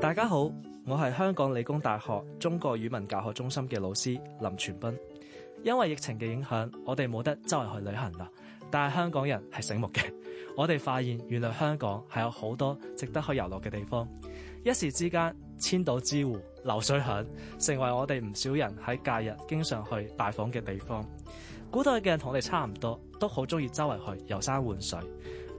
大家好，我係香港理工大學中國語文教學中心嘅老師林傳濱。因為疫情嘅影響，我哋冇得周圍去旅行啦。但係香港人係醒目嘅，我哋發現原來香港係有好多值得去遊樂嘅地方。一時之間，千島之湖、流水響，成為我哋唔少人喺假日經常去拜訪嘅地方。古代嘅人同我哋差唔多，都好中意周圍去遊山玩水。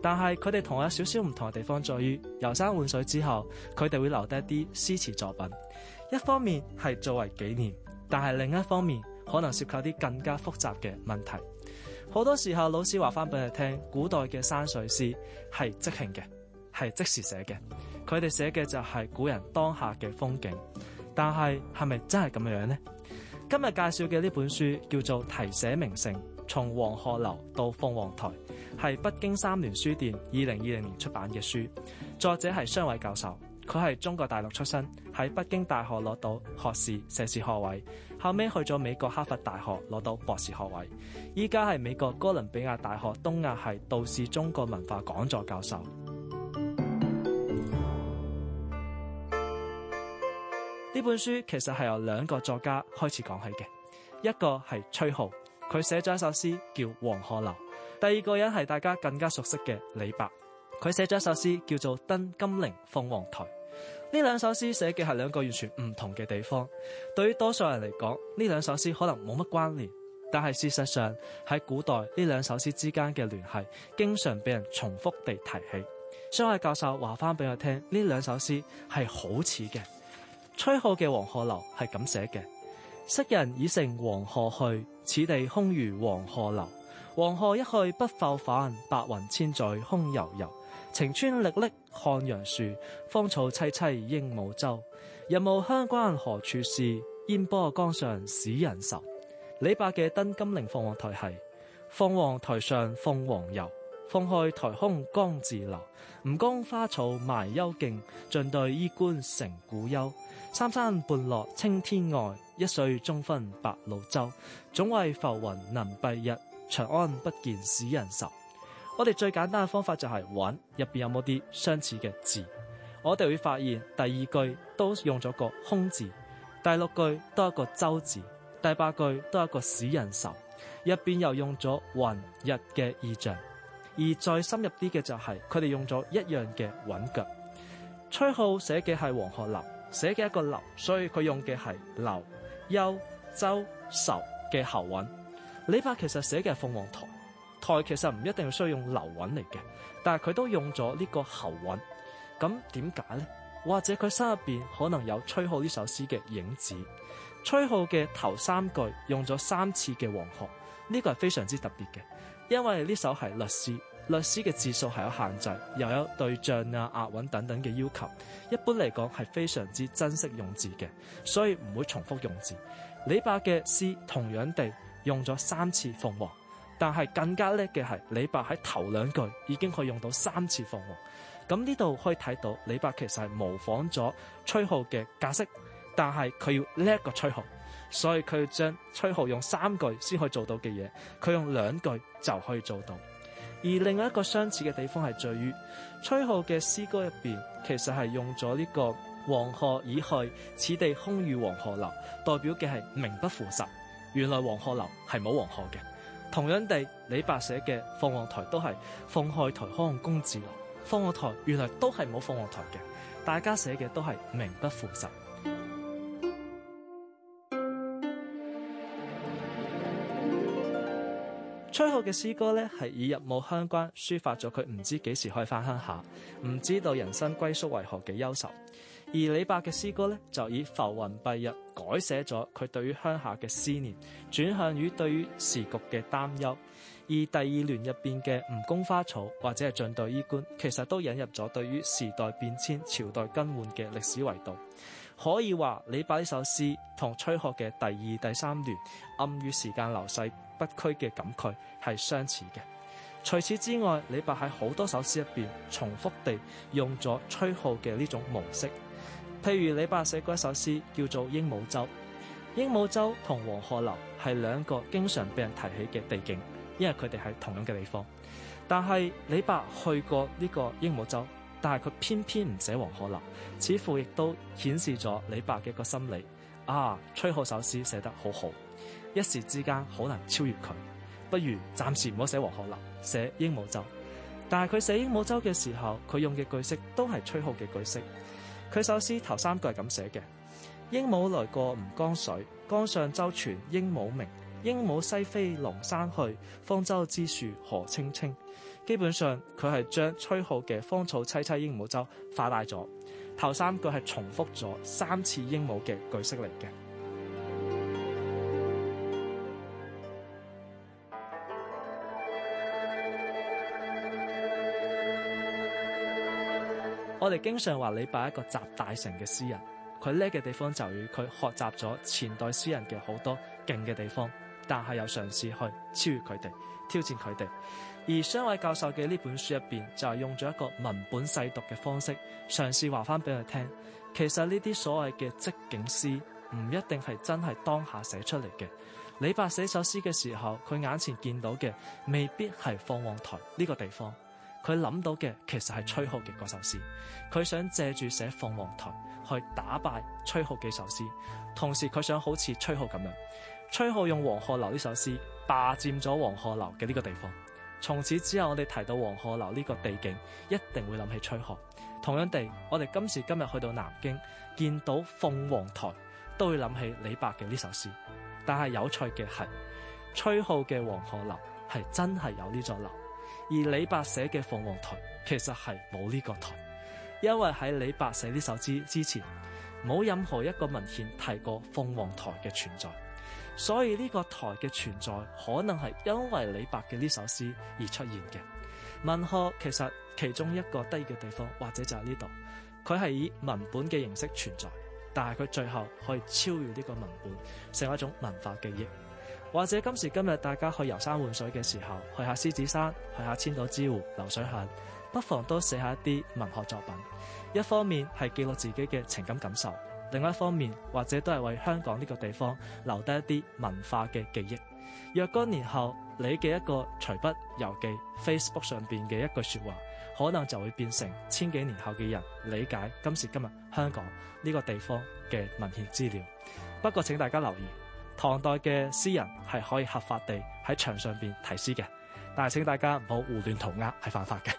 但係佢哋同我有少少唔同嘅地方，在於遊山玩水之後，佢哋會留低一啲詩詞作品。一方面係作為紀念，但係另一方面可能涉及啲更加複雜嘅問題。好多時候老師話翻俾你聽，古代嘅山水詩係即興嘅，係即時寫嘅，佢哋寫嘅就係古人當下嘅風景。但係係咪真係咁樣呢？今日介紹嘅呢本書叫做《題寫名勝》，從黃鶴樓到鳳凰台。係北京三聯書店二零二零年出版嘅書，作者係商偉教授，佢係中國大陸出身，喺北京大學攞到學士、碩士學位，後尾去咗美國哈佛大學攞到博士學位，依家係美國哥倫比亞大學東亞係杜氏中國文化講座教授。呢 本書其實係由兩個作家開始講起嘅，一個係崔顥，佢寫咗一首詩叫《黃鶴樓》。第二個人係大家更加熟悉嘅李白，佢寫咗一首詩叫做《登金陵鳳凰台》。呢兩首詩寫嘅係兩個完全唔同嘅地方。對於多數人嚟講，呢兩首詩可能冇乜關聯，但係事實上喺古代呢兩首詩之間嘅聯繫，經常被人重複地提起。商偉教授話翻俾我聽，呢兩首詩係好似嘅。崔浩嘅《黃鶴樓》係咁寫嘅：昔人已乘黃鶴去，此地空餘黃鶴樓。黃鶴一去不復返，白雲千載空悠悠。晴川歷歷漢陽樹，芳草萋萋鸚鵡洲。日暮鄉關何處是？煙波江上使人愁。李白嘅《登金陵鳳凰台》係：鳳凰台上鳳凰遊，鳳去台空江自流。吳宮花草埋幽徑，晉代衣冠成古丘。三山半落青天外，一水中分白鷺洲。總為浮雲能蔽日，日。長安不見使人愁。我哋最簡單嘅方法就係揾入邊有冇啲相似嘅字。我哋會發現第二句都用咗個空字，第六句都係一個周字，第八句都係一個使人愁。入邊又用咗雲日嘅意象，而再深入啲嘅就係佢哋用咗一樣嘅韻腳。崔顥寫嘅係黃鶴樓，寫嘅一個樓，所以佢用嘅係樓、幽、周、愁嘅喉韻。李白其實寫嘅係鳳凰台，台其實唔一定需要用流韻嚟嘅，但係佢都用咗呢個喉韻。咁點解呢？或者佢心入邊可能有崔浩呢首詩嘅影子。崔浩嘅頭三句用咗三次嘅黃鶴，呢、這個係非常之特別嘅，因為呢首係律詩，律詩嘅字數係有限制，又有對仗啊、押韻等等嘅要求。一般嚟講係非常之珍惜用字嘅，所以唔會重複用字。李白嘅詩同樣地。用咗三次鳳凰，但係更加叻嘅係李白喺頭兩句已經可以用到三次鳳凰，咁呢度可以睇到李白其實係模仿咗崔顥嘅格式，但係佢要叻過崔顥，所以佢要將崔顥用三句先可以做到嘅嘢，佢用兩句就可以做到。而另外一個相似嘅地方係在於崔顥嘅詩歌入邊，其實係用咗呢個黃鶴已去，此地空餘黃鶴樓，代表嘅係名不符實。原來黃鶴樓係冇黃鶴嘅，同樣地，李白寫嘅鳳凰台都係鳳去臺空江自流，鳳凰台原來都係冇鳳凰台嘅，大家寫嘅都係名不符實。崔顥嘅詩歌呢係以日暮鄉關抒發咗佢唔知幾時可以返鄉下，唔知道人生歸宿為何嘅憂愁。而李白嘅詩歌咧，就以浮雲蔽日改寫咗佢對於鄉下嘅思念，轉向於對於時局嘅擔憂。而第二聯入邊嘅吳宮花草或者係晉代衣冠，其實都引入咗對於時代變遷、朝代更換嘅歷史維度。可以話李白呢首詩同崔顥嘅第二、第三聯暗喻時間流逝不居嘅感慨係相似嘅。除此之外，李白喺好多首詩入邊重複地用咗崔顥嘅呢種模式。譬如李白寫過一首詩叫做《鸚鵡洲》，鸚鵡洲同黃鶴樓係兩個經常被人提起嘅地景，因為佢哋係同樣嘅地方。但係李白去過呢個鸚鵡洲，但係佢偏偏唔寫黃鶴樓，似乎亦都顯示咗李白嘅一個心理啊！崔顥首詩寫得好好，一時之間好難超越佢，不如暫時唔好寫黃鶴樓，寫鸚鵡洲。但係佢寫鸚鵡洲嘅時候，佢用嘅句式都係崔顥嘅句式。佢首詩頭三句係咁寫嘅：鸚鵡來過吳江水，江上洲傳鸚鵡名。鸚鵡西飛隴山去，芳洲之樹何青青。基本上佢係將崔顥嘅芳草萋萋鸚鵡洲化大咗，頭三句係重複咗三次鸚鵡嘅句式嚟嘅。我哋經常話李白係一個集大成嘅詩人，佢叻嘅地方就與佢學習咗前代詩人嘅好多勁嘅地方，但係又嘗試去超越佢哋，挑戰佢哋。而商偉教授嘅呢本書入邊就係用咗一個文本細讀嘅方式，嘗試話返俾佢聽，其實呢啲所謂嘅即景詩唔一定係真係當下寫出嚟嘅。李白寫首詩嘅時候，佢眼前見到嘅未必係鳳凰台呢個地方。佢諗到嘅其實係崔浩嘅嗰首詩，佢想借住寫鳳凰台去打敗崔浩嘅首詩，同時佢想好似崔浩咁樣，崔浩用黃鶴樓呢首詩霸佔咗黃鶴樓嘅呢個地方，從此之後我哋提到黃鶴樓呢個地景，一定會諗起崔浩。同樣地，我哋今時今日去到南京見到鳳凰台，都會諗起李白嘅呢首詩。但係有趣嘅係，崔浩嘅黃鶴樓係真係有呢座樓。而李白寫嘅鳳凰台其實係冇呢個台，因為喺李白寫呢首詩之前，冇任何一個文獻提過鳳凰台嘅存在，所以呢個台嘅存在可能係因為李白嘅呢首詩而出現嘅。文學其實其中一個得意嘅地方，或者就喺呢度，佢係以文本嘅形式存在，但係佢最後可以超越呢個文本，成為一種文化記憶。或者今時今日大家去遊山玩水嘅時候，去下獅子山，去下千島之湖，流水響，不妨都寫下一啲文學作品。一方面係記錄自己嘅情感感受，另外一方面或者都係為香港呢個地方留低一啲文化嘅記憶。若干年後，你嘅一個隨筆遊記、Facebook 上邊嘅一句說話，可能就會變成千幾年後嘅人理解今時今日香港呢個地方嘅文獻資料。不過請大家留意。唐代嘅詩人係可以合法地喺牆上邊題詩嘅，但係請大家唔好胡亂塗鴉係犯法嘅。